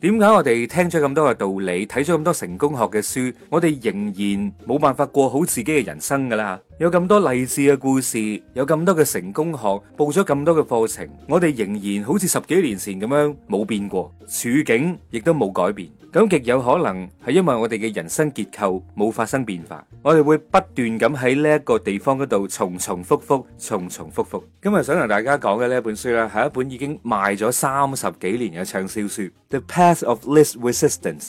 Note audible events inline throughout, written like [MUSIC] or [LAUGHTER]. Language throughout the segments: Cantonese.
點解我哋聽咗咁多嘅道理，睇咗咁多成功學嘅書，我哋仍然冇辦法過好自己嘅人生㗎喇？有咁多勵志嘅故事，有咁多嘅成功學，報咗咁多嘅課程，我哋仍然好似十幾年前咁樣冇變過，處境亦都冇改變。咁極有可能係因為我哋嘅人生結構冇發生變化，我哋會不斷咁喺呢一個地方嗰度重重複複，重重複複。今日想同大家講嘅呢本書咧，係一本已經賣咗三十幾年嘅暢銷書，《The Path of Least Resistance》。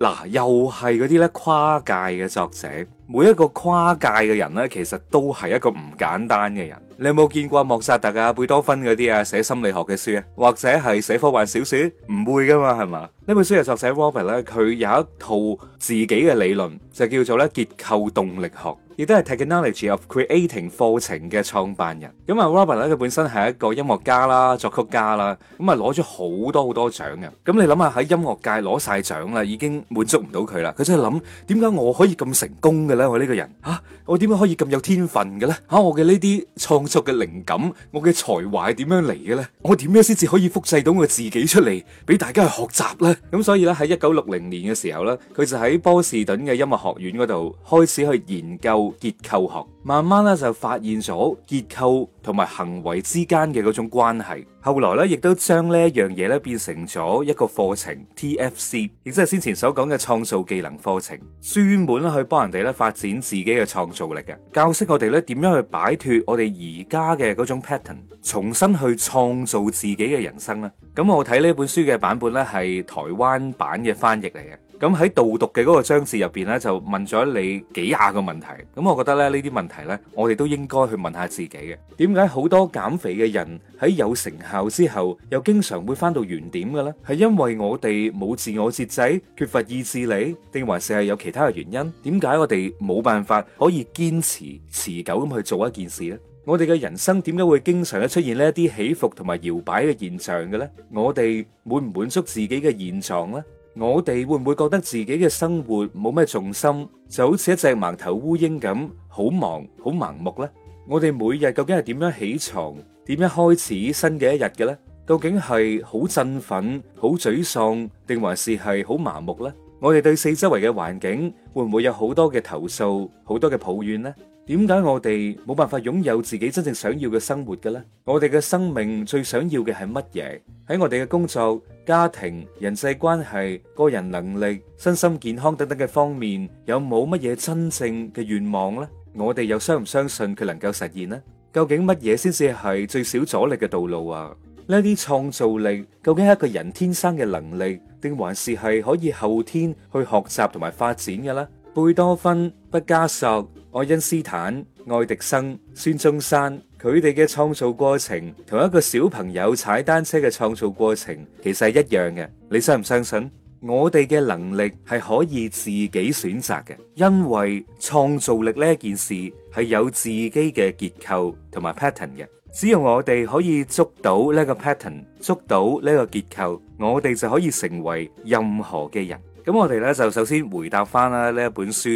嗱、啊，又係嗰啲咧跨界嘅作者，每一個跨界嘅人咧，其實都係一個唔簡單嘅人。你有冇見過莫扎特啊、貝多芬嗰啲啊，寫心理學嘅書啊，或者係寫科幻小説？唔會噶嘛，係嘛？呢本書嘅作者 Robert 咧，佢有一套自己嘅理論，就叫做咧結構動力學。亦都係 Technology of Creating 課程嘅創辦人。咁啊，Robert 咧，佢本身係一個音樂家啦、作曲家啦。咁啊，攞咗好多好多獎嘅。咁你諗下喺音樂界攞晒獎啦，已經滿足唔到佢啦。佢真係諗點解我可以咁成功嘅咧？我呢個人嚇，我點解可以咁有天分嘅咧？嚇，我嘅呢啲創作嘅靈感，我嘅才華係點樣嚟嘅咧？我點樣先至可以複製到我嘅自己出嚟俾大家去學習咧？咁所以咧，喺一九六零年嘅時候咧，佢就喺波士頓嘅音樂學院嗰度開始去研究。結構學，慢慢咧就發現咗結構同埋行為之間嘅嗰種關係。後來咧，亦都將呢一樣嘢咧變成咗一個課程 TFC，亦即係先前所講嘅創造技能課程，專門去幫人哋咧發展自己嘅創造力嘅。教識我哋咧點樣去擺脫我哋而家嘅嗰種 pattern，重新去創造自己嘅人生咧。咁、嗯、我睇呢本書嘅版本咧係台灣版嘅翻譯嚟嘅。咁喺導讀嘅嗰個章節入邊咧，就問咗你幾下個問題。咁我覺得咧，呢啲問題呢，我哋都應該去問下自己嘅。點解好多減肥嘅人喺有成效之後，又經常會返到原點嘅咧？係因為我哋冇自我節制，缺乏意志力，定還是係有其他嘅原因？點解我哋冇辦法可以堅持持久咁去做一件事呢？我哋嘅人生點解會經常咧出現呢一啲起伏同埋搖擺嘅現象嘅咧？我哋滿唔滿足自己嘅現狀呢？我哋會唔會覺得自己嘅生活冇咩重心，就好似一隻盲頭烏蠅咁，好忙好盲目呢？我哋每日究竟係點樣起床，點樣開始新嘅一日嘅咧？究竟係好振奮、好沮喪，定還是係好麻木呢？我哋對四周圍嘅環境會唔會有好多嘅投訴、好多嘅抱怨呢？點解我哋冇辦法擁有自己真正想要嘅生活嘅咧？我哋嘅生命最想要嘅係乜嘢？喺我哋嘅工作、家庭、人際關係、個人能力、身心健康等等嘅方面，有冇乜嘢真正嘅願望呢？我哋又相唔相信佢能夠實現呢？究竟乜嘢先至係最小阻力嘅道路啊？呢啲創造力究竟係一個人天生嘅能力，定還是係可以後天去學習同埋發展嘅咧？貝多芬、畢加索。愛因斯坦、愛迪生、孫中山，佢哋嘅創造過程，同一個小朋友踩單車嘅創造過程，其實係一樣嘅。你信唔相信？我哋嘅能力係可以自己選擇嘅，因為創造力呢件事係有自己嘅結構同埋 pattern 嘅。只要我哋可以捉到呢個 pattern，捉到呢個結構，我哋就可以成為任何嘅人。咁我哋咧就首先回答翻啦呢一本書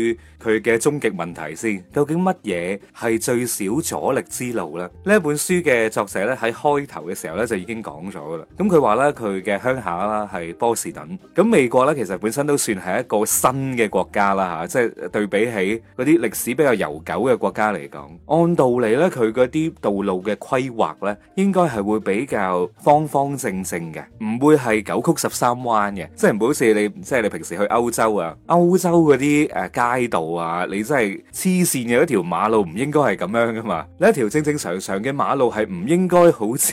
佢嘅終極問題先，究竟乜嘢係最小阻力之路咧？呢一本書嘅作者咧喺開頭嘅時候咧就已經講咗啦。咁佢話咧佢嘅鄉下啦係波士頓，咁美國咧其實本身都算係一個新嘅國家啦嚇，即係對比起嗰啲歷史比較悠久嘅國家嚟講，按道理咧佢嗰啲道路嘅規劃咧應該係會比較方方正正嘅，唔會係九曲十三彎嘅，即係唔會好似你即係你。平時去歐洲啊，歐洲嗰啲誒街道啊，你真係黐線嘅，一條馬路唔應該係咁樣噶嘛？呢一條正正常常嘅馬路係唔應該好似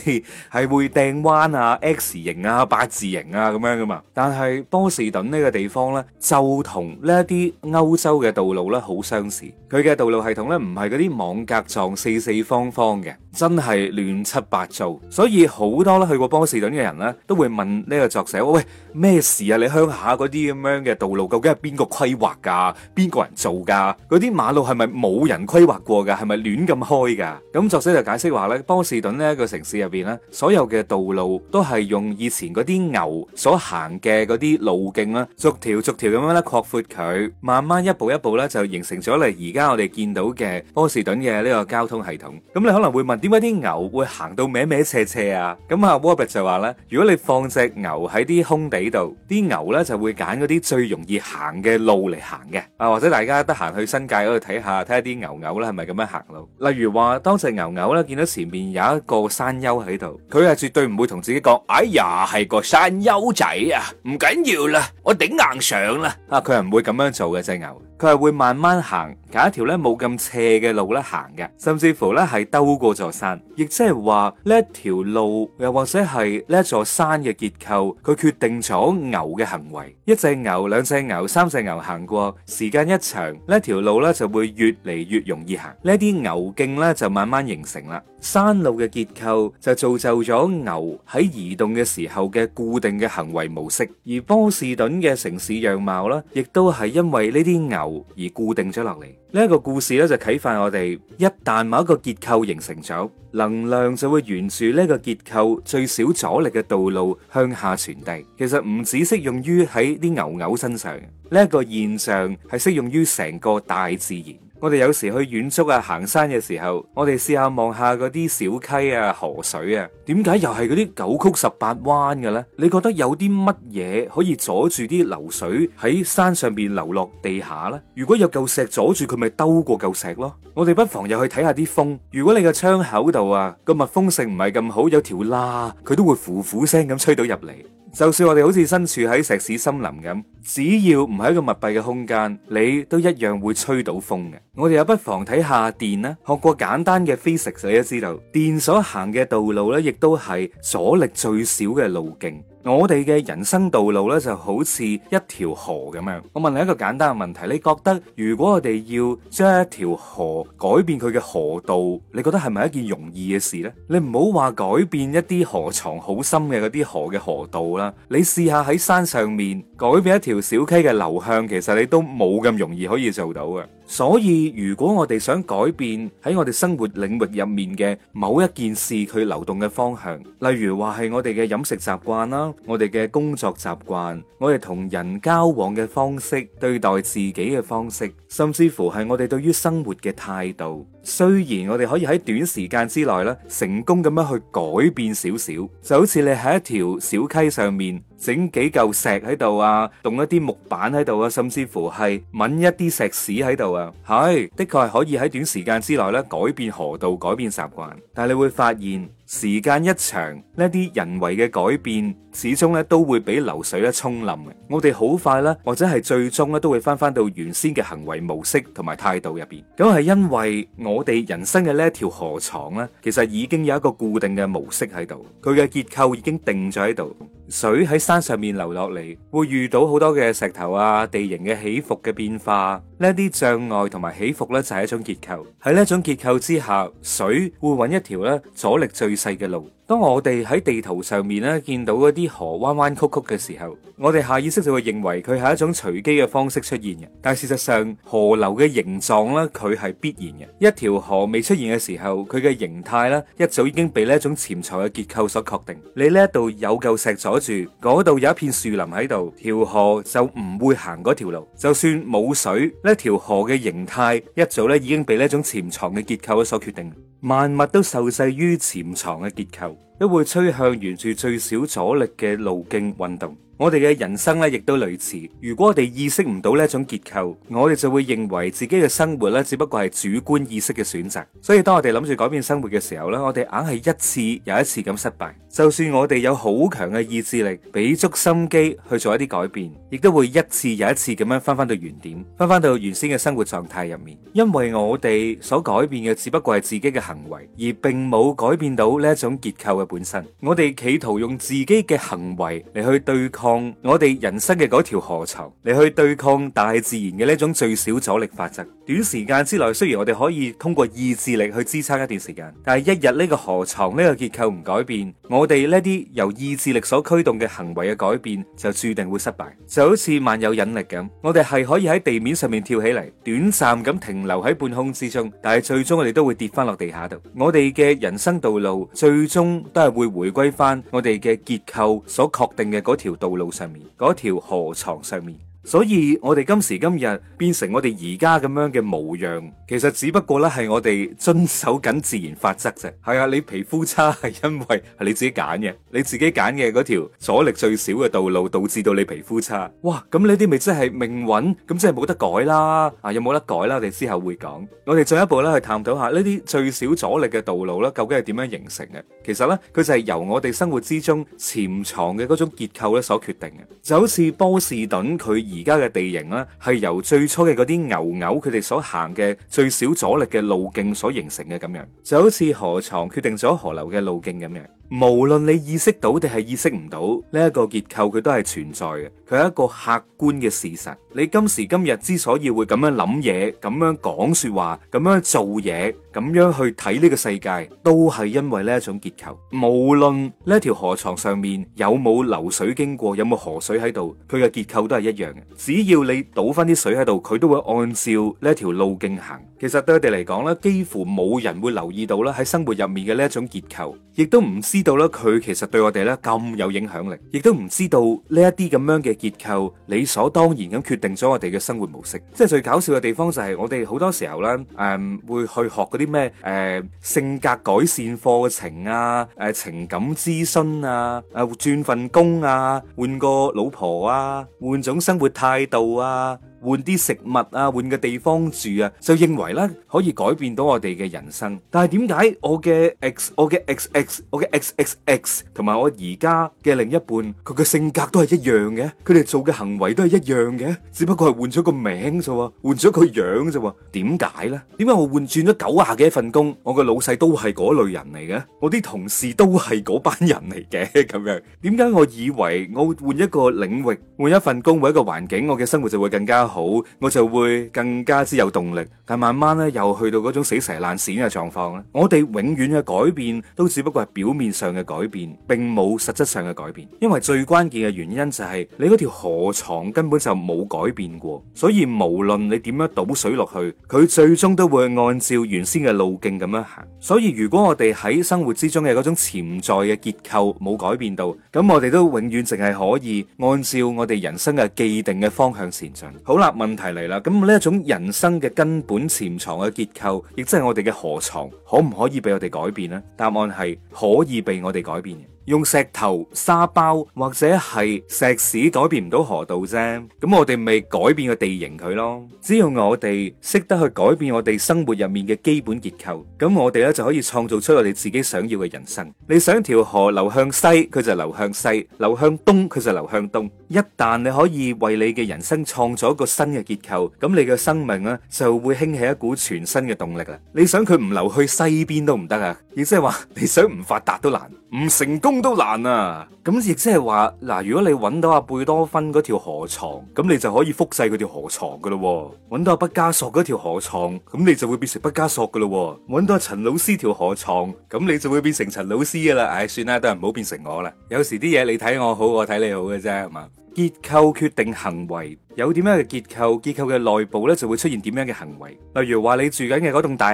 係會掟彎啊、X 型啊、八字形啊咁樣噶嘛？但係波士頓呢個地方咧，就同呢一啲歐洲嘅道路咧好相似，佢嘅道路系統咧唔係嗰啲網格狀四四方方嘅，真係亂七八糟，所以好多咧去過波士頓嘅人咧都會問呢個作者：我喂咩事啊？你鄉下嗰啲？咁樣嘅道路究竟係邊個規劃噶？邊個人做噶？嗰啲馬路係咪冇人規劃過噶？係咪亂咁開噶？咁作者就解釋話呢，波士頓呢一個城市入邊呢，所有嘅道路都係用以前嗰啲牛所行嘅嗰啲路徑啦，逐條逐條咁樣咧擴闊佢，慢慢一步一步咧就形成咗嚟而家我哋見到嘅波士頓嘅呢個交通系統。咁你可能會問，點解啲牛會行到歪歪斜斜啊？咁啊 Robert 就話咧，如果你放隻牛喺啲空地度，啲牛呢就會揀。嗰啲最容易行嘅路嚟行嘅，啊或者大家得閒去新界嗰度睇下，睇下啲牛牛咧係咪咁樣行路？例如話當隻牛牛咧見到前面有一個山丘喺度，佢係絕對唔會同自己講，哎呀，係個山丘仔啊，唔緊要啦，我頂硬上啦，啊佢係唔會咁樣做嘅，隻牛。佢係會慢慢行，揀一條咧冇咁斜嘅路咧行嘅，甚至乎咧係兜過座山，亦即係話呢一條路，又或者係呢一座山嘅結構，佢決定咗牛嘅行為。一隻牛、兩隻牛、三隻牛行過，時間一長，呢一條路咧就會越嚟越容易行，呢啲牛徑咧就慢慢形成啦。山路嘅結構就造就咗牛喺移動嘅時候嘅固定嘅行為模式，而波士頓嘅城市樣貌啦，亦都係因為呢啲牛而固定咗落嚟。呢一個故事咧就啟發我哋，一旦某一個結構形成咗，能量就會沿住呢個結構最少阻力嘅道路向下傳遞。其實唔只適用於喺啲牛牛身上，呢一個現象係適用於成個大自然。我哋有時去遠足啊，行山嘅時候，我哋試下望下嗰啲小溪啊、河水啊，點解又係嗰啲九曲十八彎嘅咧？你覺得有啲乜嘢可以阻住啲流水喺山上邊流落地下呢？如果有嚿石阻住佢，咪兜過嚿石咯。我哋不妨又去睇下啲風。如果你個窗口度啊個密封性唔係咁好，有條罅，佢都會呼呼聲咁吹到入嚟。就算我哋好似身處喺石屎森林咁，只要唔係一個密閉嘅空間，你都一樣會吹到風嘅。我哋又不妨睇下電啦，學過簡單嘅 physics，你都知道電所行嘅道路咧，亦都係阻力最小嘅路徑。我哋嘅人生道路咧就好似一條河咁樣。我問你一個簡單嘅問題，你覺得如果我哋要將一條河改變佢嘅河道，你覺得係咪一件容易嘅事呢？你唔好話改變一啲河床好深嘅嗰啲河嘅河道啦，你試下喺山上面改變一條小溪嘅流向，其實你都冇咁容易可以做到嘅。所以，如果我哋想改變喺我哋生活領域入面嘅某一件事，佢流動嘅方向，例如話係我哋嘅飲食習慣啦，我哋嘅工作習慣，我哋同人交往嘅方式，對待自己嘅方式，甚至乎係我哋對於生活嘅態度。雖然我哋可以喺短時間之內咧，成功咁樣去改變少少，就好似你喺一條小溪上面整幾嚿石喺度啊，動一啲木板喺度啊，甚至乎係揾一啲石屎喺度啊，係的確係可以喺短時間之內咧改變河道、改變習慣，但你會發現。時間一長，呢啲人為嘅改變，始終咧都會俾流水咧沖冧嘅。我哋好快咧，或者係最終咧都會翻翻到原先嘅行為模式同埋態度入邊。咁係因為我哋人生嘅呢一條河床咧，其實已經有一個固定嘅模式喺度，佢嘅結構已經定咗喺度。水喺山上面流落嚟，會遇到好多嘅石頭啊、地形嘅起伏嘅變化。呢啲障礙同埋起伏呢，就係一種結構。喺呢一種結構之下，水會揾一條咧阻力最細嘅路。當我哋喺地圖上面咧見到嗰啲河彎彎曲曲嘅時候，我哋下意識就會認為佢係一種隨機嘅方式出現嘅。但係事實上，河流嘅形狀咧，佢係必然嘅。一條河未出現嘅時候，佢嘅形態咧一早已經被呢一種潛藏嘅結構所確定。你呢一度有嚿石阻住，嗰度有一片樹林喺度，條河就唔會行嗰條路。就算冇水，呢條河嘅形態一早咧已經被呢一種潛藏嘅結構所決定。萬物都受制於潛藏嘅結構，都會趨向沿住最少阻力嘅路徑運動。我哋嘅人生咧，亦都類似。如果我哋意識唔到呢一種結構，我哋就會認為自己嘅生活咧，只不過係主觀意識嘅選擇。所以當我哋諗住改變生活嘅時候咧，我哋硬係一次又一次咁失敗，就算我哋有好強嘅意志力，俾足心機去做一啲改變，亦都會一次又一次咁樣翻翻到原點，翻翻到原先嘅生活狀態入面。因為我哋所改變嘅只不過係自己嘅行為，而並冇改變到呢一種結構嘅本身。我哋企圖用自己嘅行為嚟去對抗我哋人生嘅嗰條河床，嚟去對抗大自然嘅呢種最小阻力法則。短時間之內，雖然我哋可以通過意志力去支撐一段時間，但係一日呢個河床呢個結構唔改變，我。我哋呢啲由意志力所驅動嘅行為嘅改變，就注定會失敗。就好似萬有引力咁，我哋係可以喺地面上面跳起嚟，短暫咁停留喺半空之中，但係最終我哋都會跌翻落地下度。我哋嘅人生道路，最終都係會回歸翻我哋嘅結構所確定嘅嗰條道路上面，嗰條河床上面。所以我哋今時今日變成我哋而家咁樣嘅模樣，其實只不過咧係我哋遵守緊自然法則啫。係啊，你皮膚差係因為係你自己揀嘅，你自己揀嘅嗰條阻力最少嘅道路，導致到你皮膚差。哇，咁呢啲咪真係命運？咁真係冇得改啦？啊，有冇得改啦？我哋之後會講，我哋進一步咧去探討下呢啲最少阻力嘅道路咧，究竟係點樣形成嘅？其實咧，佢就係由我哋生活之中潛藏嘅嗰種結構咧所決定嘅，就好似波士頓佢。而家嘅地形咧，係由最初嘅嗰啲牛牛佢哋所行嘅最小阻力嘅路徑所形成嘅咁樣，就好似河床決定咗河流嘅路徑咁樣。無論你意識到定係意識唔到呢一個結構，佢都係存在嘅。佢係一個客觀嘅事實。你今時今日之所以會咁樣諗嘢，咁樣講說話，咁樣做嘢，咁樣去睇呢個世界，都係因為呢一種結構。無論呢一條河床上面有冇流水經過，有冇河水喺度，佢嘅結構都係一樣嘅。只要你倒翻啲水喺度，佢都會按照呢一條路徑行。其實對我哋嚟講咧，幾乎冇人會留意到咧喺生活入面嘅呢一種結構，亦都唔知。知道咧，佢其實對我哋咧咁有影響力，亦都唔知道呢一啲咁樣嘅結構，理所當然咁決定咗我哋嘅生活模式。即係最搞笑嘅地方就係，我哋好多時候咧，誒會去學嗰啲咩誒性格改善課程啊，誒情感諮詢啊，誒轉份工啊，換個老婆啊，換種生活態度啊。換啲食物啊，換個地方住啊，就認為呢可以改變到我哋嘅人生。但係點解我嘅 X、我嘅 XX、我嘅 XXXX 同埋我而家嘅另一半，佢嘅性格都係一樣嘅，佢哋做嘅行為都係一樣嘅，只不過係換咗個名咋喎，換咗個樣咋喎？點解呢？點解我換轉咗九十幾份工，我嘅老細都係嗰類人嚟嘅，我啲同事都係嗰班人嚟嘅咁樣？點解我以為我換一個領域、換一份工、換一個環境，我嘅生活就會更加？好，我就會更加之有動力。但慢慢咧，又去到嗰種死蛇爛鱔嘅狀況咧，我哋永遠嘅改變都只不過係表面上嘅改變，並冇實質上嘅改變。因為最關鍵嘅原因就係你嗰條河床根本就冇改變過，所以無論你點樣倒水落去，佢最終都會按照原先嘅路徑咁樣行。所以如果我哋喺生活之中嘅嗰種潛在嘅結構冇改變到，咁我哋都永遠淨係可以按照我哋人生嘅既定嘅方向前進。好啦。問題嚟啦，咁呢一種人生嘅根本潛藏嘅結構，亦即係我哋嘅河床，可唔可以俾我哋改變呢？答案係可以俾我哋改變嘅。用石頭、沙包或者係石屎改變唔到河道啫。咁我哋咪改變個地形佢咯。只要我哋識得去改變我哋生活入面嘅基本結構，咁我哋咧就可以創造出我哋自己想要嘅人生。你想條河流向西，佢就流向西；流向東，佢就流向東。一旦你可以為你嘅人生創造一個新嘅結構，咁你嘅生命咧就會興起一股全新嘅動力啦。你想佢唔流去西邊都唔得啊，亦即係話你想唔發達都難，唔成功都難啊。咁亦即係話嗱，如果你揾到阿貝多芬嗰條河床，咁你就可以複製佢條河床噶咯。揾到阿畢加索嗰條河床，咁你就會變成畢加索噶咯。揾到阿陳老師條河床，咁你就會變成陳老師噶啦。唉、哎，算啦，都係唔好變成我啦。有時啲嘢你睇我好，我睇你好嘅啫，係嘛？結構決定行為。有點樣嘅結構，結構嘅內部咧就會出現點樣嘅行為。例如話你住緊嘅嗰棟大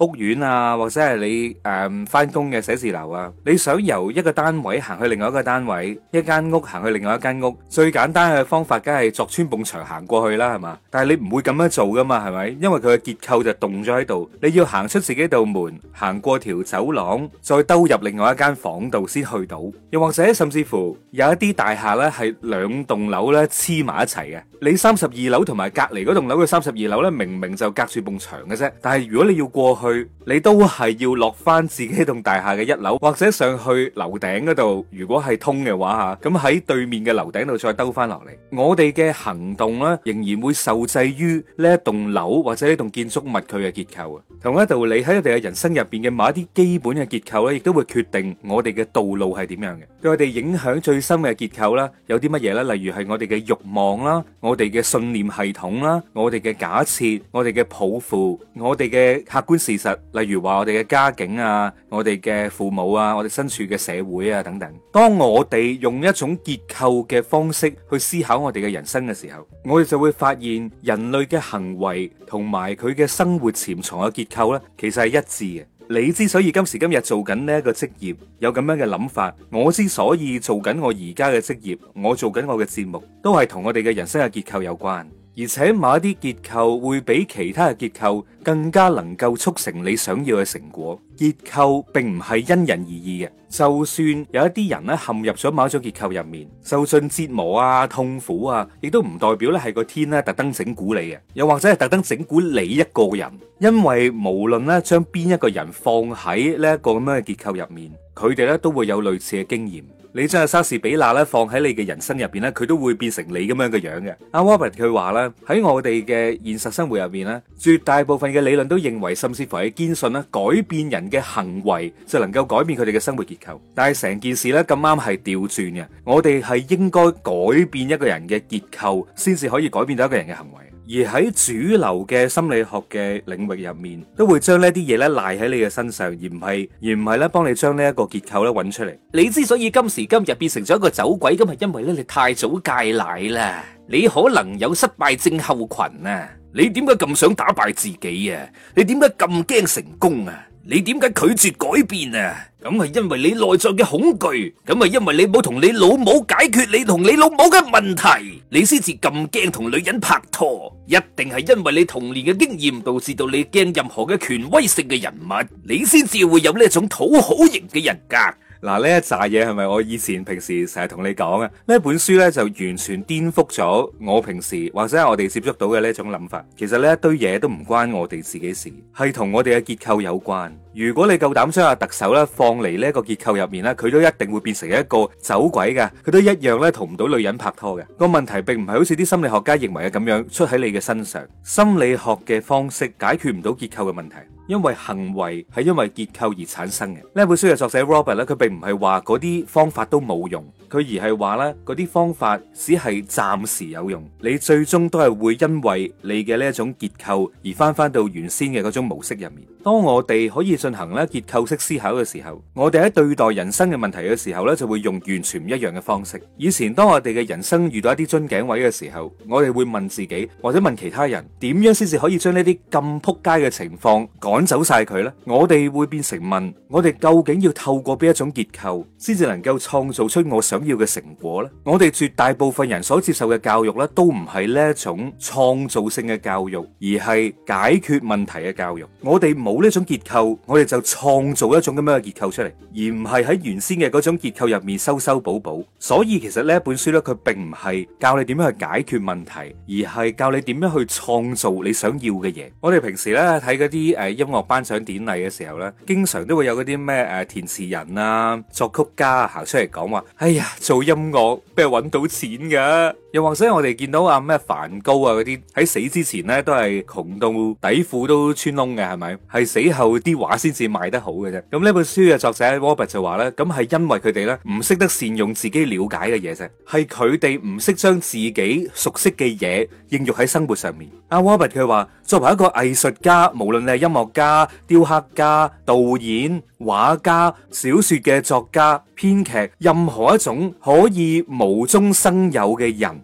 廈、屋苑啊，或者係你誒翻工嘅寫字樓啊，你想由一個單位行去另外一個單位，一間屋行去另外一間屋，最簡單嘅方法梗係鑿穿埲牆行過去啦，係嘛？但係你唔會咁樣做噶嘛，係咪？因為佢嘅結構就凍咗喺度，你要行出自己道門，行過條走廊，再兜入另外一間房度先去到。又或者甚至乎有一啲大廈咧係兩棟樓咧黐埋一齊嘅。你三十二樓同埋隔籬嗰棟樓嘅三十二樓咧，明明就隔住埲牆嘅啫。但係如果你要過去，你都係要落翻自己棟大廈嘅一樓，或者上去樓頂嗰度。如果係通嘅話吓，咁喺對面嘅樓頂度再兜翻落嚟。我哋嘅行動咧，仍然會受制於呢一棟樓或者呢棟建築物佢嘅結構啊。同一道理，你喺我哋嘅人生入邊嘅某一啲基本嘅結構咧，亦都會決定我哋嘅道路係點樣嘅。對我哋影響最深嘅結構咧，有啲乜嘢咧？例如係我哋嘅慾望啦。我哋嘅信念系統啦，我哋嘅假設，我哋嘅抱負，我哋嘅客觀事實，例如話我哋嘅家境啊，我哋嘅父母啊，我哋身處嘅社會啊等等。當我哋用一種結構嘅方式去思考我哋嘅人生嘅時候，我哋就會發現人類嘅行為同埋佢嘅生活潛藏嘅結構呢，其實係一致嘅。你之所以今時今日做緊呢一個職業，有咁樣嘅諗法，我之所以做緊我而家嘅職業，我做緊我嘅節目，都係同我哋嘅人生嘅結構有關。而且某一啲結構會比其他嘅結構更加能夠促成你想要嘅成果。結構並唔係因人而異嘅，就算有一啲人咧陷入咗某種結構入面，受盡折磨啊、痛苦啊，亦都唔代表咧係個天咧特登整蠱你嘅，又或者係特登整蠱你一個人。因為無論咧將邊一個人放喺呢一個咁樣嘅結構入面，佢哋咧都會有類似嘅經驗。你將阿莎士比娜咧放喺你嘅人生入邊咧，佢都會變成你咁樣嘅樣嘅。阿 Robert 佢話咧，喺我哋嘅現實生活入邊咧，絕大部分嘅理論都認為，甚至乎係堅信咧，改變人嘅行為就能夠改變佢哋嘅生活結構。但係成件事咧咁啱係調轉嘅，我哋係應該改變一個人嘅結構，先至可以改變到一個人嘅行為。而喺主流嘅心理學嘅領域入面，都會將呢啲嘢咧賴喺你嘅身上，而唔係而唔係咧幫你將呢一個結構咧揾出嚟。你之所以今時今日變成咗一個走鬼，咁係因為咧你太早戒奶啦。你可能有失敗症候群啊！你點解咁想打敗自己啊？你點解咁驚成功啊？你點解拒絕改變啊？咁係因為你內在嘅恐懼，咁係因為你冇同你老母解決你同你老母嘅問題，你先至咁驚同女人拍拖。一定係因為你童年嘅經驗導致到你驚任何嘅權威性嘅人物，你先至會有呢一種討好型嘅人格。嗱，呢一紮嘢係咪我以前平時成日同你講嘅？呢本書呢就完全顛覆咗我平時或者係我哋接觸到嘅呢種諗法。其實呢一堆嘢都唔關我哋自己事，係同我哋嘅結構有關。如果你夠膽將阿特首咧放嚟，呢一個結構入面咧，佢都一定會變成一個走鬼㗎，佢都一樣咧同唔到女人拍拖嘅。個問題並唔係好似啲心理學家認為嘅咁樣出喺你嘅身上，心理學嘅方式解決唔到結構嘅問題，因為行為係因為結構而產生嘅。呢一本書嘅作者 Robert 咧，佢並唔係話嗰啲方法都冇用，佢而係話咧嗰啲方法只係暫時有用，你最終都係會因為你嘅呢一種結構而返返到原先嘅嗰種模式入面。當我哋可以。進行咧結構式思考嘅時候，我哋喺對待人生嘅問題嘅時候咧，就會用完全唔一樣嘅方式。以前當我哋嘅人生遇到一啲樽頸位嘅時候，我哋會問自己，或者問其他人，點樣先至可以將呢啲咁撲街嘅情況趕走晒佢呢？我哋會變成問，我哋究竟要透過邊一種結構，先至能夠創造出我想要嘅成果呢？我哋絕大部分人所接受嘅教育咧，都唔係呢一種創造性嘅教育，而係解決問題嘅教育。我哋冇呢種結構。我哋就創造一種咁樣嘅結構出嚟，而唔係喺原先嘅嗰種結構入面修修補補。所以其實呢一本書呢，佢並唔係教你點樣去解決問題，而係教你點樣去創造你想要嘅嘢。我哋平時呢睇嗰啲誒音樂頒獎典禮嘅時候呢，經常都會有嗰啲咩誒填詞人啊、作曲家啊行出嚟講話：，哎呀，做音樂邊係搵到錢噶？又或者我哋見到阿、啊、咩梵高啊嗰啲喺死之前呢都係窮到底褲都穿窿嘅係咪？係死後啲畫先至賣得好嘅啫。咁呢本書嘅作者 Robert 就話呢，咁係因為佢哋呢唔識得善用自己了解嘅嘢啫，係佢哋唔識將自己熟悉嘅嘢應用喺生活上面。阿、啊、Robert 佢話，作為一個藝術家，無論你係音樂家、雕刻家、導演、畫家、小說嘅作家、編劇，任何一種可以無中生有嘅人。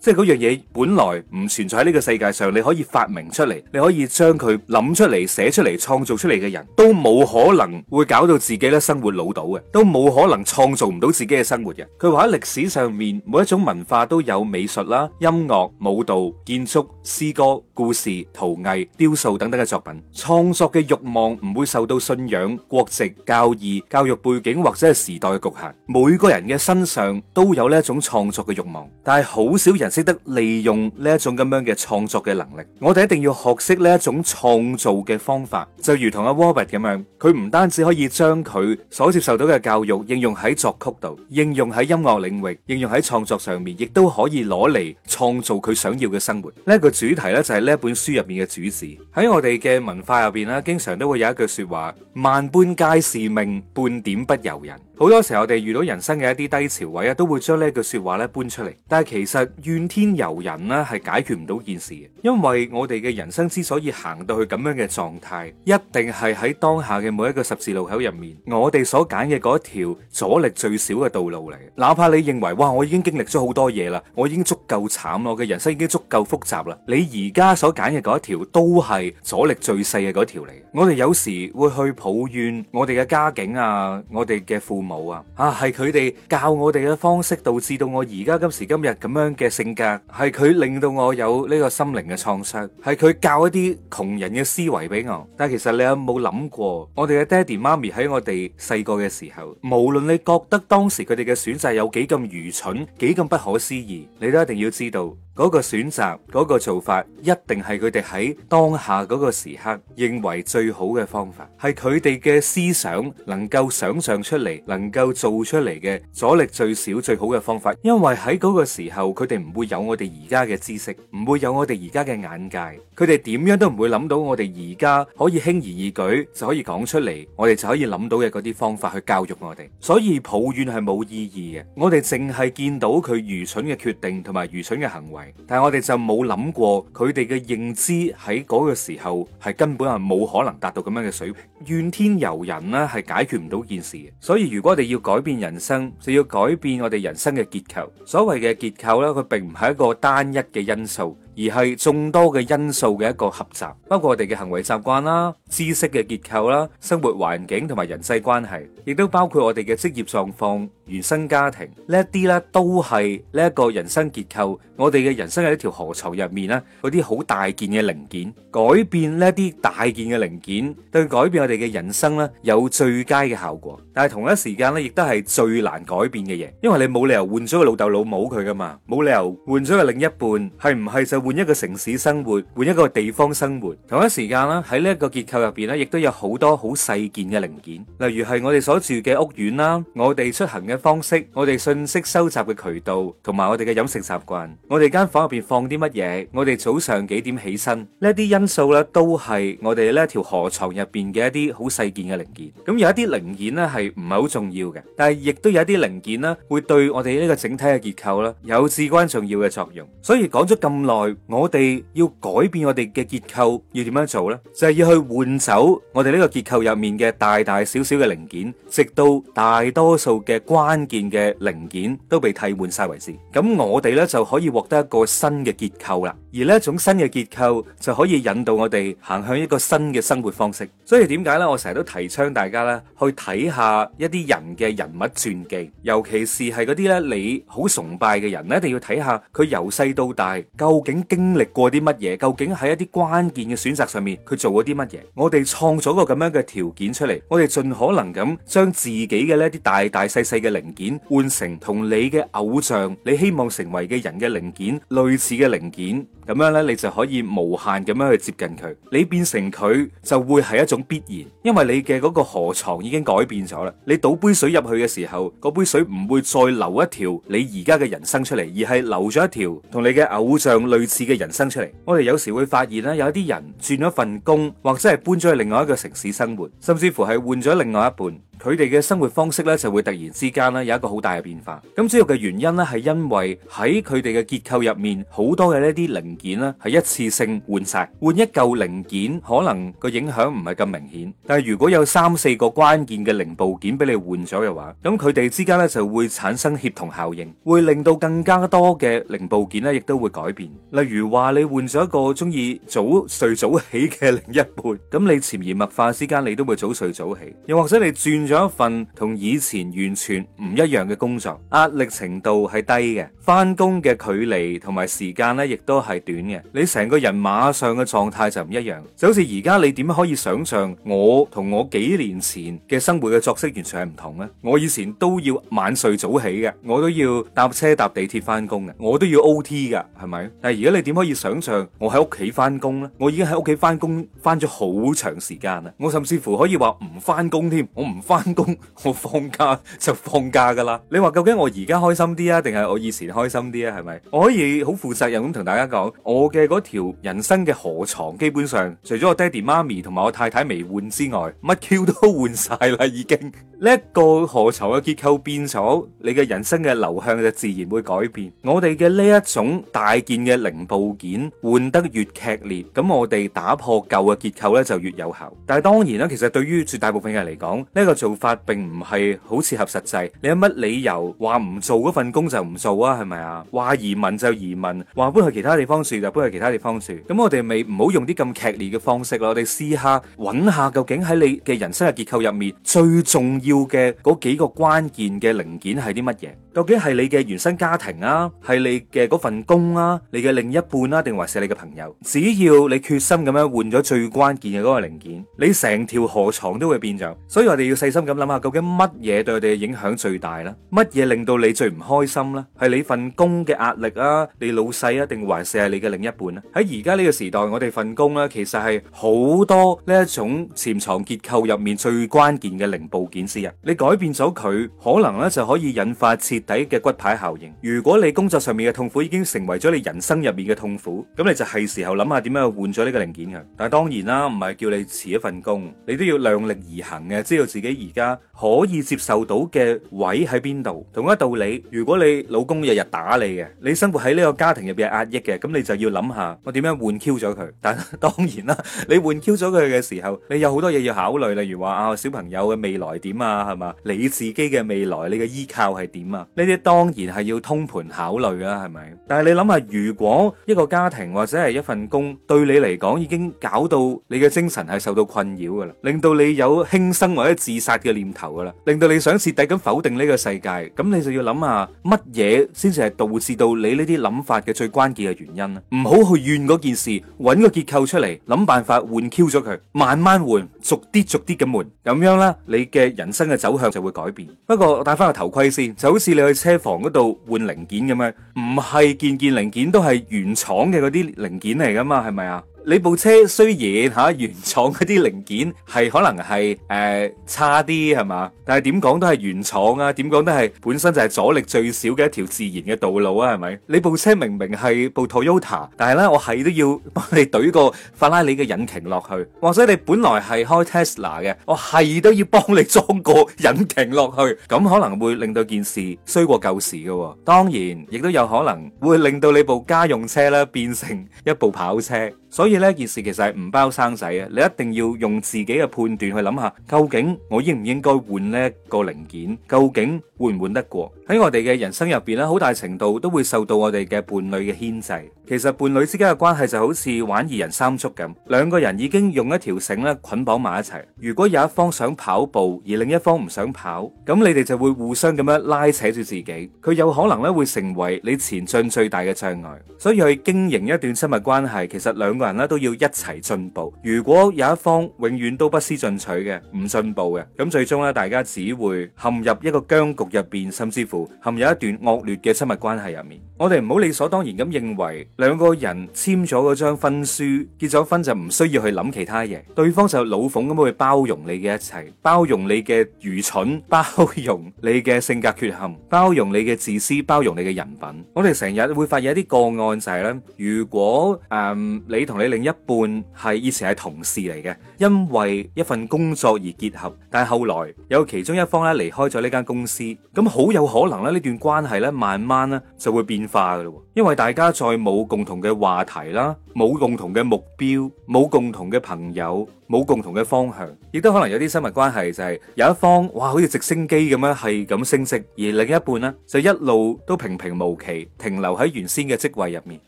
即係嗰樣嘢本來唔存在喺呢個世界上，你可以發明出嚟，你可以將佢諗出嚟，寫出嚟、創造出嚟嘅人，都冇可能會搞到自己咧生活老到嘅，都冇可能創造唔到自己嘅生活嘅。佢話喺歷史上面，每一種文化都有美術啦、音樂、舞蹈、建築、詩歌、故事、陶藝、雕塑等等嘅作品。創作嘅慾望唔會受到信仰、國籍、教義、教育背景或者係時代嘅局限。每個人嘅身上都有呢一種創作嘅慾望，但係好少人。識得利用呢一種咁樣嘅創作嘅能力，我哋一定要學識呢一種創造嘅方法。就如同阿 Robert 咁樣，佢唔單止可以將佢所接受到嘅教育應用喺作曲度，應用喺音樂領域，應用喺創作上面，亦都可以攞嚟創造佢想要嘅生活。呢、這、一個主題呢，就係呢本書入面嘅主旨。喺我哋嘅文化入邊啦，經常都會有一句說話：萬般皆是命，半點不由人。好多時候我哋遇到人生嘅一啲低潮位啊，都會將呢句說話咧搬出嚟。但係其實怨天尤人咧、啊、係解決唔到件事嘅，因為我哋嘅人生之所以行到去咁樣嘅狀態，一定係喺當下嘅每一個十字路口入面，我哋所揀嘅嗰一條阻力最少嘅道路嚟。哪怕你認為哇，我已經經歷咗好多嘢啦，我已經足夠慘咯，我嘅人生已經足夠複雜啦，你而家所揀嘅嗰一條都係阻力最細嘅嗰條嚟。我哋有時會去抱怨我哋嘅家境啊，我哋嘅父母。冇啊！啊，係佢哋教我哋嘅方式，導致到我而家今時今日咁樣嘅性格，係佢令到我有呢個心靈嘅創傷，係佢教一啲窮人嘅思維俾我。但其實你有冇諗過，我哋嘅爹哋媽咪喺我哋細個嘅時候，無論你覺得當時佢哋嘅選擇有幾咁愚蠢，幾咁不可思議，你都一定要知道。嗰個選擇，嗰個做法一定係佢哋喺當下嗰個時刻認為最好嘅方法，係佢哋嘅思想能夠想象出嚟，能夠做出嚟嘅阻力最少最好嘅方法。因為喺嗰個時候，佢哋唔會有我哋而家嘅知識，唔會有我哋而家嘅眼界。佢哋點樣都唔會諗到我哋而家可以輕而易舉就可以講出嚟，我哋就可以諗到嘅嗰啲方法去教育我哋。所以抱怨係冇意義嘅，我哋淨係見到佢愚蠢嘅決定同埋愚蠢嘅行為。但係我哋就冇諗過佢哋嘅認知喺嗰個時候係根本係冇可能達到咁樣嘅水平，怨天尤人呢係解決唔到件事嘅。所以如果我哋要改變人生，就要改變我哋人生嘅結構。所謂嘅結構呢，佢並唔係一個單一嘅因素。而係眾多嘅因素嘅一個合集。包括我哋嘅行為習慣啦、知識嘅結構啦、生活環境同埋人際關係，亦都包括我哋嘅職業狀況、原生家庭呢一啲啦，都係呢一個人生結構。我哋嘅人生喺一條河床入面啦，嗰啲好大件嘅零件，改變呢一啲大件嘅零件，對改變我哋嘅人生咧有最佳嘅效果。但係同一時間咧，亦都係最難改變嘅嘢，因為你冇理由換咗個老豆老母佢噶嘛，冇理由換咗個另一半係唔係就會。換一個城市生活，換一個地方生活。同一時間啦，喺呢一個結構入邊咧，亦都有好多好細件嘅零件，例如係我哋所住嘅屋苑啦，我哋出行嘅方式，我哋信息收集嘅渠道，同埋我哋嘅飲食習慣，我哋間房入邊放啲乜嘢，我哋早上幾點起身，呢一啲因素咧，都係我哋呢一條河床入邊嘅一啲好細件嘅零件。咁有一啲零件咧係唔係好重要嘅，但係亦都有一啲零件咧會對我哋呢個整體嘅結構咧有至關重要嘅作用。所以講咗咁耐。我哋要改變我哋嘅結構，要點樣做呢？就係要去換走我哋呢個結構入面嘅大大小小嘅零件，直到大多數嘅關鍵嘅零件都被替換晒為止。咁我哋呢就可以獲得一個新嘅結構啦。而呢一種新嘅結構就可以引導我哋行向一個新嘅生活方式。所以點解呢？我成日都提倡大家呢去睇下一啲人嘅人物傳記，尤其是係嗰啲呢你好崇拜嘅人，你一定要睇下佢由細到大究竟。經歷過啲乜嘢？究竟喺一啲關鍵嘅選擇上面，佢做過啲乜嘢？我哋創造個咁樣嘅條件出嚟，我哋盡可能咁將自己嘅呢啲大大細細嘅零件換成同你嘅偶像、你希望成為嘅人嘅零件類似嘅零件。咁樣咧，你就可以無限咁樣去接近佢，你變成佢就會係一種必然，因為你嘅嗰個河床已經改變咗啦。你倒杯水入去嘅時候，嗰杯水唔會再流一條你而家嘅人生出嚟，而係流咗一條同你嘅偶像類似嘅人生出嚟。我哋有時會發現咧，有一啲人轉咗份工，或者係搬咗去另外一個城市生活，甚至乎係換咗另外一半。佢哋嘅生活方式咧，就會突然之間咧，有一個好大嘅變化。咁主要嘅原因咧，係因為喺佢哋嘅結構入面，好多嘅呢啲零件咧係一次性換晒。換一嚿零件，可能個影響唔係咁明顯。但係如果有三四個關鍵嘅零部件俾你換咗嘅話，咁佢哋之間咧就會產生協同效應，會令到更加多嘅零部件咧亦都會改變。例如話你換咗一個中意早睡早起嘅另一半，咁你潛移默化之間，你都會早睡早起。又或者你轉。做一份同以前完全唔一樣嘅工作，壓力程度係低嘅，翻工嘅距離同埋時間呢亦都係短嘅。你成個人馬上嘅狀態就唔一樣，就好似而家你點可以想象我同我幾年前嘅生活嘅作息完全係唔同呢？我以前都要晚睡早起嘅，我都要搭車搭地鐵翻工嘅，我都要 OT 噶，係咪？但係而家你點可以想象我喺屋企翻工呢？我已經喺屋企翻工翻咗好長時間啦，我甚至乎可以話唔翻工添，我唔翻。翻工我放假就放假噶啦。你話究竟我而家開心啲啊，定係我以前開心啲啊？係咪？我可以好負責任咁同大家講，我嘅嗰條人生嘅河床，基本上除咗我爹哋媽咪同埋我太太未換之外，乜 Q 都換晒啦，已經呢一 [LAUGHS] 個河床嘅結構變咗，你嘅人生嘅流向就自然會改變。我哋嘅呢一種大件嘅零部件換得越劇烈，咁我哋打破舊嘅結構呢就越有效。但係當然啦，其實對於絕大部分嘅人嚟講，呢、這個做做法並唔係好切合實際，你有乜理由話唔做嗰份工就唔做啊？係咪啊？話移民就移民，話搬去其他地方住就搬去其他地方住，咁我哋咪唔好用啲咁劇烈嘅方式咯。我哋試下揾下究竟喺你嘅人生嘅結構入面最重要嘅嗰幾個關鍵嘅零件係啲乜嘢？究竟係你嘅原生家庭啊，係你嘅嗰份工啊，你嘅另一半啊，定還是你嘅朋友？只要你決心咁樣換咗最關鍵嘅嗰個零件，你成條河床都會變咗。所以我哋要細心咁諗下，究竟乜嘢對我哋嘅影響最大咧？乜嘢令到你最唔開心咧？係你份工嘅壓力啊，你老細啊，定還是係你嘅另一半咧？喺而家呢個時代，我哋份工咧，其實係好多呢一種潛藏結構入面最關鍵嘅零部件之一。你改變咗佢，可能咧就可以引發徹。底嘅骨牌效應，如果你工作上面嘅痛苦已經成為咗你人生入面嘅痛苦，咁你就係時候諗下點樣換咗呢個零件嘅。但係當然啦，唔係叫你辭一份工，你都要量力而行嘅，知道自己而家可以接受到嘅位喺邊度。同一道理，如果你老公日日打你嘅，你生活喺呢個家庭入邊壓抑嘅，咁你就要諗下我點樣換 Q 咗佢。但係當然啦，你換 Q 咗佢嘅時候，你有好多嘢要考慮，例如話啊小朋友嘅未來點啊，係嘛？你自己嘅未來，你嘅依靠係點啊？呢啲當然係要通盤考慮㗎，係咪？但係你諗下，如果一個家庭或者係一份工對你嚟講已經搞到你嘅精神係受到困擾噶啦，令到你有輕生或者自殺嘅念頭噶啦，令到你想徹底咁否定呢個世界，咁你就要諗下乜嘢先至係導致到你呢啲諗法嘅最關鍵嘅原因咧？唔好去怨嗰件事，揾個結構出嚟，諗辦法換 Q 咗佢，慢慢換，逐啲逐啲咁換，咁樣咧，你嘅人生嘅走向就會改變。不過我戴翻個頭盔先，就好似你，去車房度換零件咁樣，唔係件件零件都係原廠嘅嗰啲零件嚟噶嘛？係咪啊？你部車雖然吓、啊、原廠嗰啲零件係可能係誒、呃、差啲係嘛，但係點講都係原廠啊，點講都係本身就係阻力最少嘅一條自然嘅道路啊，係咪？你部車明明係部 Toyota，但係呢，我係都要幫你懟個法拉利嘅引擎落去，或、哦、者你本來係開 Tesla 嘅，我係都要幫你裝個引擎落去，咁可能會令到件事衰過舊時㗎、喎。當然亦都有可能會令到你部家用車咧變成一部跑車。所以呢件事其實係唔包生仔嘅，你一定要用自己嘅判斷去諗下，究竟我應唔應該換呢一個零件？究竟換唔換得過。喺我哋嘅人生入邊咧，好大程度都會受到我哋嘅伴侶嘅牽制。其實伴侶之間嘅關係就好似玩二人三足咁，兩個人已經用一條繩咧捆綁埋一齊，如果有一方想跑步，而另一方唔想跑，咁你哋就會互相咁樣拉扯住自己，佢有可能咧會成為你前進最大嘅障礙。所以去經營一段親密關係，其實兩。人咧，都要一齊進步。如果有一方永遠都不思進取嘅，唔進步嘅，咁最終咧大家只會陷入一個僵局入邊，甚至乎陷入一段惡劣嘅親密關係入面。我哋唔好理所當然咁認為兩個人簽咗嗰張婚書，結咗婚就唔需要去諗其他嘢，對方就老奉咁去包容你嘅一切，包容你嘅愚蠢，包容你嘅性格缺陷，包容你嘅自私，包容你嘅人品。我哋成日會發現一啲個案就係咧，如果誒你，同你另一半係以前係同事嚟嘅，因為一份工作而結合，但係後來有其中一方咧離開咗呢間公司，咁好有可能咧呢段關係咧慢慢咧就會變化噶咯。因為大家再冇共同嘅話題啦，冇共同嘅目標，冇共同嘅朋友，冇共同嘅方向，亦都可能有啲生物關係就係有一方哇，好似直升機咁樣係咁升職，而另一半咧就一路都平平無奇，停留喺原先嘅職位入面。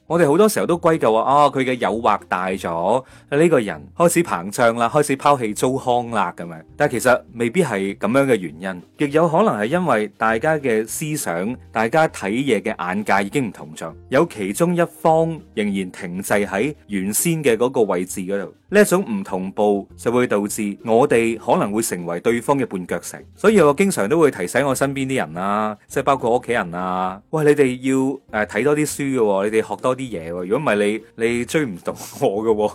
我哋好多時候都歸咎話啊，佢嘅誘惑大咗，呢個人開始膨脹。開始拋棄糟糠啦咁樣，但其實未必係咁樣嘅原因，亦有可能係因為大家嘅思想，大家睇嘢嘅眼界已經唔同咗，有其中一方仍然停滯喺原先嘅嗰個位置嗰度。呢一種唔同步就會導致我哋可能會成為對方嘅絆腳石，所以我經常都會提醒我身邊啲人啦，即係包括屋企人啊，喂，你哋要誒睇多啲書㗎喎，你哋學多啲嘢喎，如果唔係你，你追唔到我㗎喎，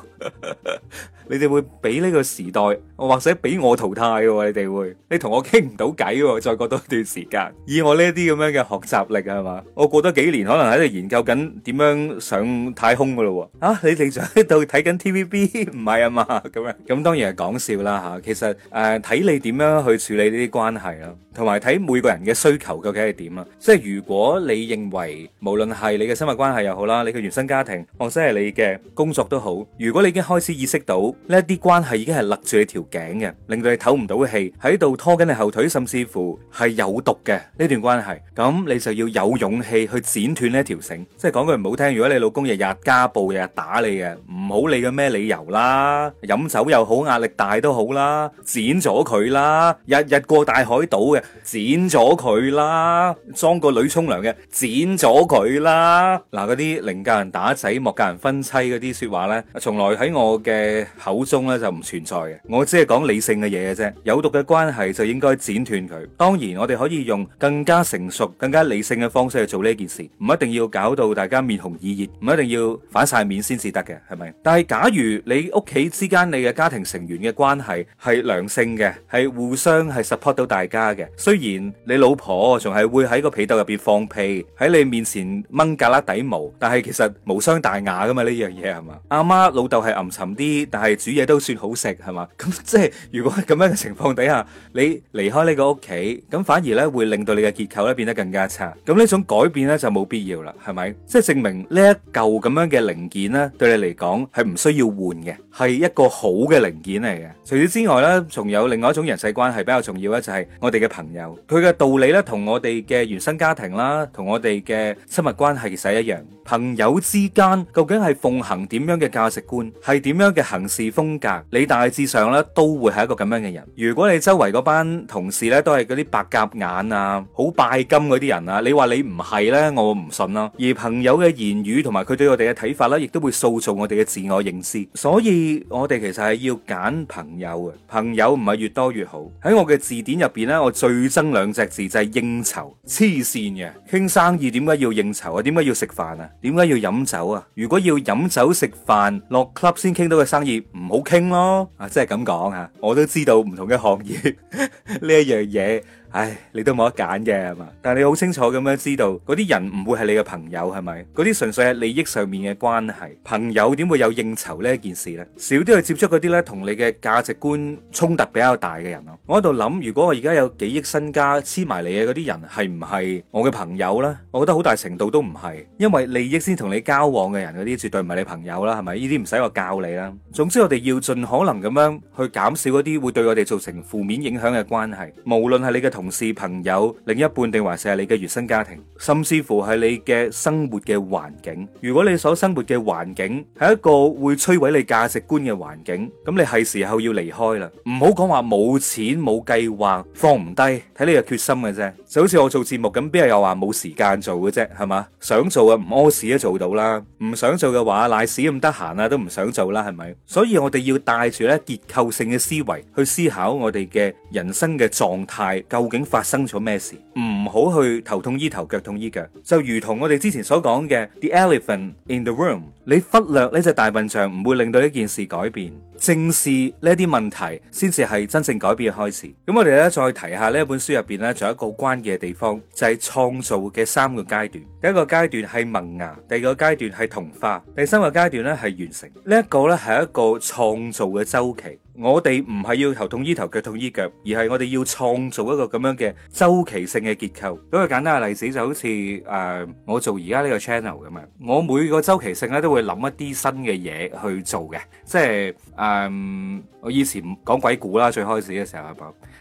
你哋會俾呢個時代或者俾我淘汰㗎喎，你哋會，你同我傾唔到偈喎，再過多一段時間，以我呢一啲咁樣嘅學習力係嘛，我過多幾年可能喺度研究緊點樣上太空㗎喇喎，啊，你哋就喺度睇緊 TVB 唔？唔係啊嘛咁樣，咁當然係講笑啦吓。其實誒，睇你點樣去處理呢啲關係啦，同埋睇每個人嘅需求究竟係點啊。即係如果你認為，無論係你嘅親密關係又好啦，你嘅原生家庭或者係你嘅工作都好，如果你已經開始意識到呢一啲關係已經係勒住你條頸嘅，令到你唞唔到氣，喺度拖緊你後腿，甚至乎係有毒嘅呢段關係，咁你就要有勇氣去剪斷呢一條繩。即係講句唔好聽，如果你老公日日家暴，日日打你嘅，唔好理佢咩理由啦。啊！飲酒又好，壓力大都好啦，剪咗佢啦，日日過大海賭嘅，剪咗佢啦，裝個女沖涼嘅，剪咗佢啦。嗱、啊，嗰啲寧教人打仔，莫教人分妻嗰啲説話呢，從來喺我嘅口中呢就唔存在嘅。我只係講理性嘅嘢嘅啫。有毒嘅關係就應該剪斷佢。當然，我哋可以用更加成熟、更加理性嘅方式去做呢件事，唔一定要搞到大家面紅耳熱，唔一定要反晒面先至得嘅，係咪？但係假如你，屋企之間你嘅家庭成員嘅關係係良性嘅，係互相係 support 到大家嘅。雖然你老婆仲係會喺個被竇入邊放屁，喺你面前掹格拉底毛，但係其實無傷大雅噶嘛。呢樣嘢係嘛？阿媽老豆係陰沉啲，但係煮嘢都算好食係嘛？咁即係如果係咁樣嘅情況底下，你離開呢個屋企，咁反而呢會令到你嘅結構呢變得更加差。咁呢種改變呢就冇必要啦，係咪？即係證明呢一舊咁樣嘅零件呢，對你嚟講係唔需要換嘅。係一個好嘅零件嚟嘅。除此之外呢，仲有另外一種人際關係比較重要呢，就係我哋嘅朋友。佢嘅道理呢，同我哋嘅原生家庭啦，同我哋嘅親密關係其實一樣。朋友之間究竟係奉行點樣嘅價值觀，係點樣嘅行事風格，你大致上呢都會係一個咁樣嘅人。如果你周圍嗰班同事呢都係嗰啲白鴿眼啊，好拜金嗰啲人啊，你話你唔係呢，我唔信囉。而朋友嘅言語同埋佢對我哋嘅睇法咧，亦都會塑造我哋嘅自我認識。所以。我哋其實係要揀朋友嘅，朋友唔係越多越好。喺我嘅字典入邊呢，我最憎兩隻字就係應酬、黐線嘅。傾生意點解要應酬啊？點解要食飯啊？點解要飲酒啊？如果要飲酒食飯落 club 先傾到嘅生意，唔好傾咯。啊，即係咁講啊，我都知道唔同嘅行業呢 [LAUGHS] 一樣嘢。唉，你都冇得揀嘅係嘛？但係你好清楚咁樣知道，嗰啲人唔會係你嘅朋友係咪？嗰啲純粹係利益上面嘅關係，朋友點會有應酬呢一件事呢？少啲去接觸嗰啲咧，同你嘅價值觀衝突比較大嘅人咯。我喺度諗，如果我而家有幾億身家黐埋你嘅嗰啲人，係唔係我嘅朋友呢？我覺得好大程度都唔係，因為利益先同你交往嘅人，嗰啲絕對唔係你朋友啦，係咪？呢啲唔使我教你啦。總之，我哋要盡可能咁樣去減少嗰啲會對我哋造成負面影響嘅關係，無論係你嘅。同事、朋友、另一半，定還是係你嘅原生家庭，甚至乎係你嘅生活嘅環境。如果你所生活嘅環境係一個會摧毀你價值觀嘅環境，咁你係時候要離開啦。唔好講話冇錢、冇計劃、放唔低，睇你嘅決心嘅啫。就好似我做節目咁，邊日又話冇時間做嘅啫，係嘛？想做啊，唔屙屎都做到啦；唔想做嘅話，瀨屎咁得閒啊，都唔想做啦，係咪？所以我哋要帶住呢結構性嘅思維去思考我哋嘅人生嘅狀態、夠。究竟發生咗咩事？唔好去頭痛醫頭，腳痛醫腳，就如同我哋之前所講嘅 The Elephant in the Room。你忽略呢隻大笨象，唔會令到呢件事改變。正視呢一啲問題，先至係真正改變嘅開始。咁我哋咧再提下呢一本書入邊咧，仲有一個關鍵嘅地方，就係創造嘅三個階段。第一個階段係萌芽，第二個階段係同化，第三個階段咧係完成。呢一個咧係一個創造嘅周期。我哋唔係要頭痛醫頭，腳痛醫腳，而係我哋要創造一個咁樣嘅週期性嘅結構。舉個簡單嘅例子就好似誒，我做而家呢個 channel 咁樣，我每個週期性咧都會諗一啲新嘅嘢去做嘅。即係誒，我以前講鬼故啦，最開始嘅時候啊，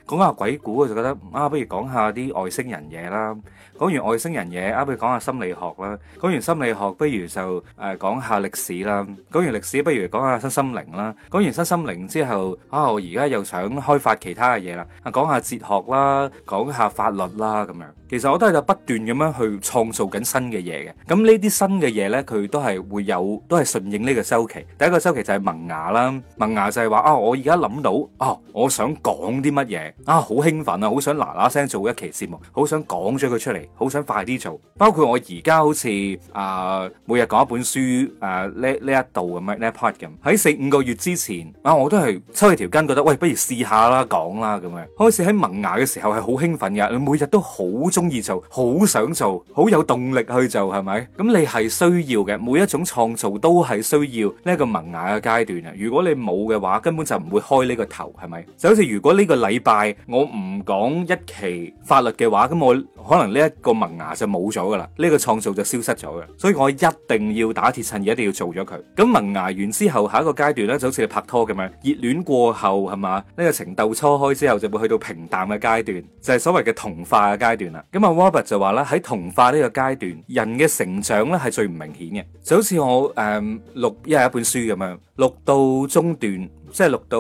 講下鬼故我就覺得啊，不如講下啲外星人嘢啦。講完外星人嘢，啊不如講下心理學啦。講完心理學，不如就誒講下歷史啦。講完歷史，不如講下新心靈啦。講完新心靈之後，啊我而家又想開發其他嘅嘢啦。啊講下哲學啦，講下法律啦咁樣。其實我都係就不斷咁樣去創造緊新嘅嘢嘅。咁呢啲新嘅嘢呢，佢都係會有，都係順應呢個週期。第一個週期就係萌芽啦，萌芽就係話啊我而家諗到啊，我想講啲乜嘢啊，好興奮啊，好想嗱嗱聲做一期節目，好想講咗佢出嚟。好想快啲做，包括我而家好似啊、呃，每日講一本書誒，呢、呃、呢一度咁樣呢 part 咁。喺四五個月之前啊，我都係抽起條筋，覺得喂，不如試下啦，講啦咁樣。開始喺萌芽嘅時候係好興奮嘅，你每日都好中意做，好想做，好有動力去做，係咪？咁你係需要嘅，每一種創造都係需要呢個萌芽嘅階段啊。如果你冇嘅話，根本就唔會開呢個頭，係咪？就好似如果呢個禮拜我唔講一期法律嘅話，咁我。可能呢一個萌芽就冇咗噶啦，呢個創造就消失咗嘅，所以我一定要打鐵趁熱，一定要做咗佢。咁萌芽完之後，下一個階段咧就好似拍拖咁樣，熱戀過後係嘛？呢個情竇初開之後，就會去到平淡嘅階段，就係所謂嘅同化嘅階段啦。咁阿 Robert 就話咧，喺同化呢個階段，人嘅成長咧係最唔明顯嘅，就好似我誒、嗯、錄一係一本書咁樣，錄到中段，即係錄到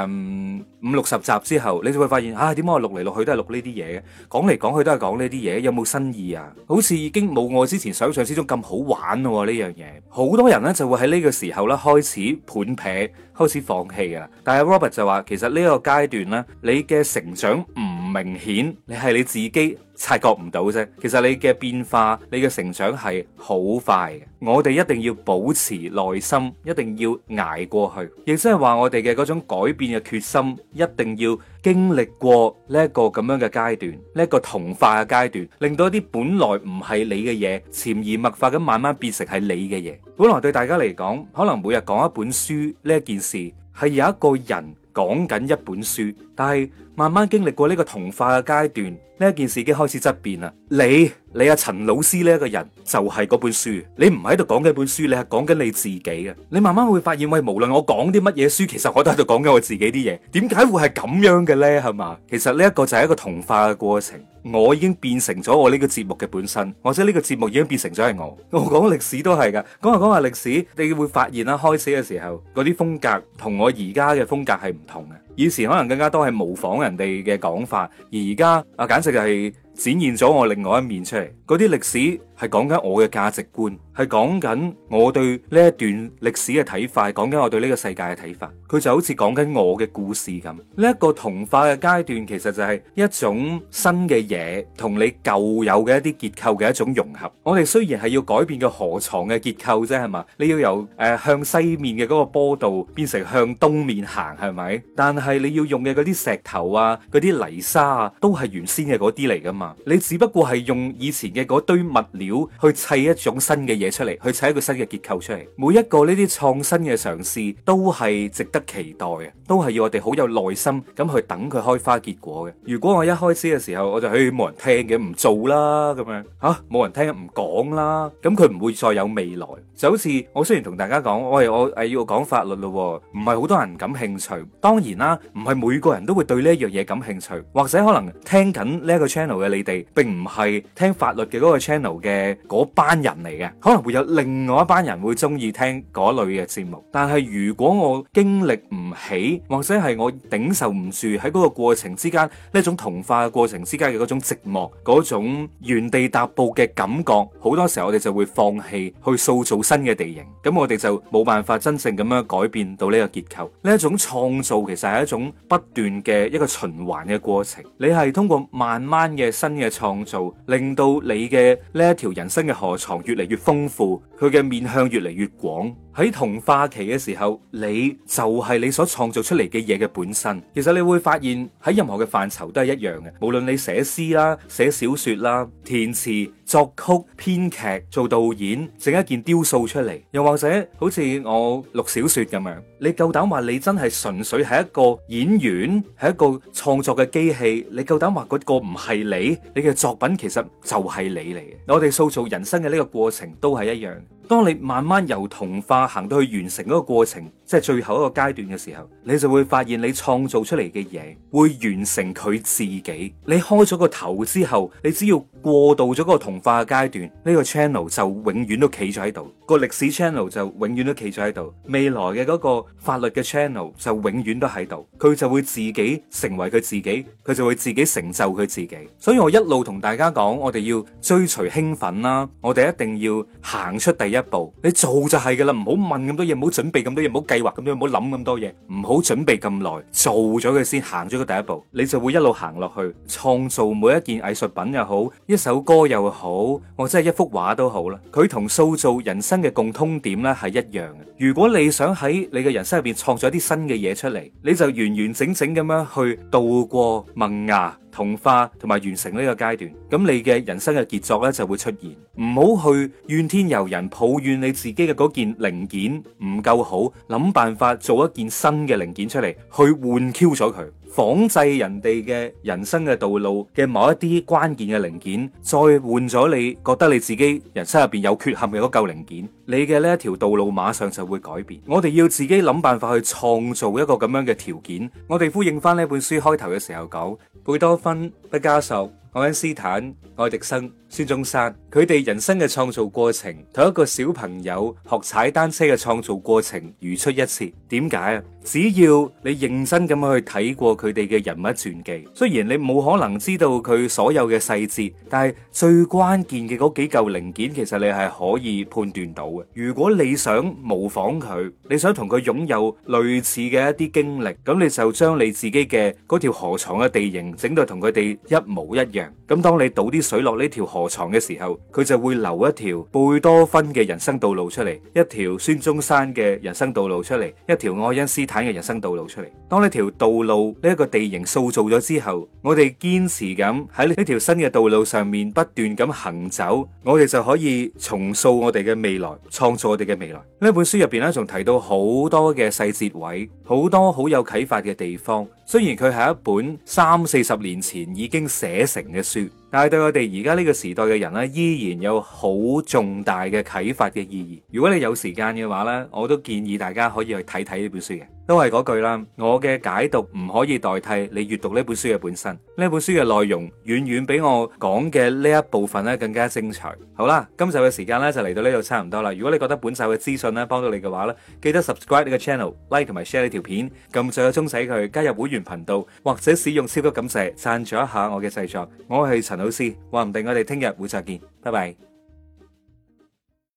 誒五六十集之後，你就會發現啊，點解我錄嚟錄去都係錄呢啲嘢，嘅，講嚟講去都係講呢啲嘢，有冇新意啊？好似已經冇我之前想象之中咁好玩咯，呢樣嘢好多人咧就會喺呢個時候咧開始盤劈。開始放棄㗎喇。但係 Robert 就話：其實呢一個階段呢，你嘅成長唔明顯，你係你自己察覺唔到啫。其實你嘅變化、你嘅成長係好快嘅。我哋一定要保持耐心，一定要捱過去，亦即係話我哋嘅嗰種改變嘅決心，一定要經歷過呢一個咁樣嘅階段，呢一個同化嘅階段，令到一啲本來唔係你嘅嘢，潛移默化咁慢慢變成係你嘅嘢。本來對大家嚟講，可能每日講一本書呢一件。時係有一個人講緊一本書。但係慢慢經歷過呢個同化嘅階段，呢一件事已經開始質變啦。你你阿、啊、陳老師呢一個人就係、是、嗰本書，你唔喺度講緊本書，你係講緊你自己嘅。你慢慢會發現，喂，無論我講啲乜嘢書，其實我都喺度講緊我自己啲嘢。點解會係咁樣嘅呢？係嘛，其實呢一個就係一個同化嘅過程。我已經變成咗我呢個節目嘅本身，或者呢個節目已經變成咗係我。我講歷史都係噶，講下講下歷史，你會發現啦、啊，開始嘅時候嗰啲風格同我而家嘅風格係唔同嘅。以前可能更加多係模仿人哋嘅講法，而而家啊簡直就係、是。展現咗我另外一面出嚟，嗰啲歷史係講緊我嘅價值觀，係講緊我對呢一段歷史嘅睇法，講緊我對呢個世界嘅睇法。佢就好似講緊我嘅故事咁。呢、這、一個同化嘅階段，其實就係一種新嘅嘢同你舊有嘅一啲結構嘅一種融合。我哋雖然係要改變個河床嘅結構啫，係嘛？你要由誒、呃、向西面嘅嗰個坡度變成向東面行，係咪？但係你要用嘅嗰啲石頭啊、嗰啲泥沙啊，都係原先嘅嗰啲嚟㗎嘛？你只不過係用以前嘅嗰堆物料去砌一種新嘅嘢出嚟，去砌一個新嘅結構出嚟。每一個呢啲創新嘅嘗試都係值得期待嘅，都係要我哋好有耐心咁去等佢開花結果嘅。如果我一開始嘅時候我就去冇人聽嘅，唔做啦咁樣吓，冇人聽唔講啦，咁佢唔會再有未來。就好似我雖然同大家講，喂，我係要講法律咯，唔係好多人感興趣。當然啦，唔係每個人都會對呢一樣嘢感興趣，或者可能聽緊呢一個 channel 嘅。你哋並唔係聽法律嘅嗰個 channel 嘅嗰班人嚟嘅，可能會有另外一班人會中意聽嗰類嘅節目。但係如果我經歷唔起，或者係我頂受唔住喺嗰個過程之間呢一種同化嘅過程之間嘅嗰種寂寞，嗰種原地踏步嘅感覺，好多時候我哋就會放棄去塑造新嘅地形。咁我哋就冇辦法真正咁樣改變到呢個結構。呢一種創造其實係一種不斷嘅一個循環嘅過程。你係通過慢慢嘅。新嘅創造，令到你嘅呢一條人生嘅河床越嚟越豐富，佢嘅面向越嚟越廣。喺童化期嘅時候，你就係你所創造出嚟嘅嘢嘅本身。其實你會發現喺任何嘅範疇都係一樣嘅，無論你寫詩啦、寫小說啦、填詞、作曲、編劇、做導演、整一件雕塑出嚟，又或者好似我錄小說咁樣，你夠膽話你真係純粹係一個演員，係一個創作嘅機器？你夠膽話嗰個唔係你？你嘅作品其實就係你嚟嘅。我哋塑造人生嘅呢個過程都係一樣。當你慢慢由同化行到去完成嗰個過程。即係最後一個階段嘅時候，你就會發現你創造出嚟嘅嘢會完成佢自己。你開咗個頭之後，你只要過渡咗個同化嘅階段，呢個 channel 就永遠都企咗喺度。個歷史 channel 就永遠都企咗喺度。未來嘅嗰個法律嘅 channel 就永遠都喺度。佢就會自己成為佢自己，佢就會自己成就佢自己。所以我一路同大家講，我哋要追隨興奮啦，我哋一定要行出第一步。你做就係噶啦，唔好問咁多嘢，唔好準備咁多嘢，唔好計。計劃咁樣，唔好諗咁多嘢，唔好準備咁耐，做咗佢先，行咗個第一步，你就會一路行落去，創造每一件藝術品又好，一首歌又好，或者係一幅畫都好啦。佢同塑造人生嘅共通點咧係一樣嘅。如果你想喺你嘅人生入邊創造一啲新嘅嘢出嚟，你就完完整整咁樣去度過萌芽、同化同埋完成呢個階段，咁你嘅人生嘅傑作呢，就會出現。唔好去怨天尤人，抱怨你自己嘅嗰件零件唔夠好，諗辦法做一件新嘅零件出嚟，去換 Q 咗佢。仿製人哋嘅人生嘅道路嘅某一啲關鍵嘅零件，再換咗你覺得你自己人生入邊有缺陷嘅嗰嚿零件，你嘅呢一條道路馬上就會改變。我哋要自己諗辦法去創造一個咁樣嘅條件。我哋呼應返呢本書開頭嘅時候講，貝多芬、畢加索、愛因斯坦、愛迪生。孫中山佢哋人生嘅創造過程，同一個小朋友學踩單車嘅創造過程如出一轍。點解啊？只要你認真咁樣去睇過佢哋嘅人物傳記，雖然你冇可能知道佢所有嘅細節，但係最關鍵嘅嗰幾舊零件，其實你係可以判斷到嘅。如果你想模仿佢，你想同佢擁有類似嘅一啲經歷，咁你就將你自己嘅嗰條河床嘅地形整到同佢哋一模一樣。咁當你倒啲水落呢條河。床嘅時候，佢就會留一條貝多芬嘅人生道路出嚟，一條孫中山嘅人生道路出嚟，一條愛因斯坦嘅人生道路出嚟。當呢條道路呢個地形塑造咗之後，我哋堅持咁喺呢一條新嘅道路上面不斷咁行走，我哋就可以重塑我哋嘅未來，創造我哋嘅未來。呢本書入邊咧，仲提到好多嘅細節位，好多好有啟發嘅地方。雖然佢係一本三四十年前已經寫成嘅書，但係對我哋而家呢個時代嘅人呢，依然有好重大嘅啟發嘅意義。如果你有時間嘅話呢，我都建議大家可以去睇睇呢本書嘅。都係嗰句啦，我嘅解讀唔可以代替你閱讀呢本書嘅本身，呢一本書嘅內容遠遠比我講嘅呢一部分咧更加精彩。好啦，今集嘅時間咧就嚟到呢度差唔多啦。如果你覺得本集嘅資訊咧幫到你嘅話咧，記得 subscribe 呢個 channel，like 同埋 share 呢條片，撳左個鐘仔佢加入會員頻道，或者使用超級感謝贊助一下我嘅製作。我係陳老 C，話唔定我哋聽日會再見，拜拜。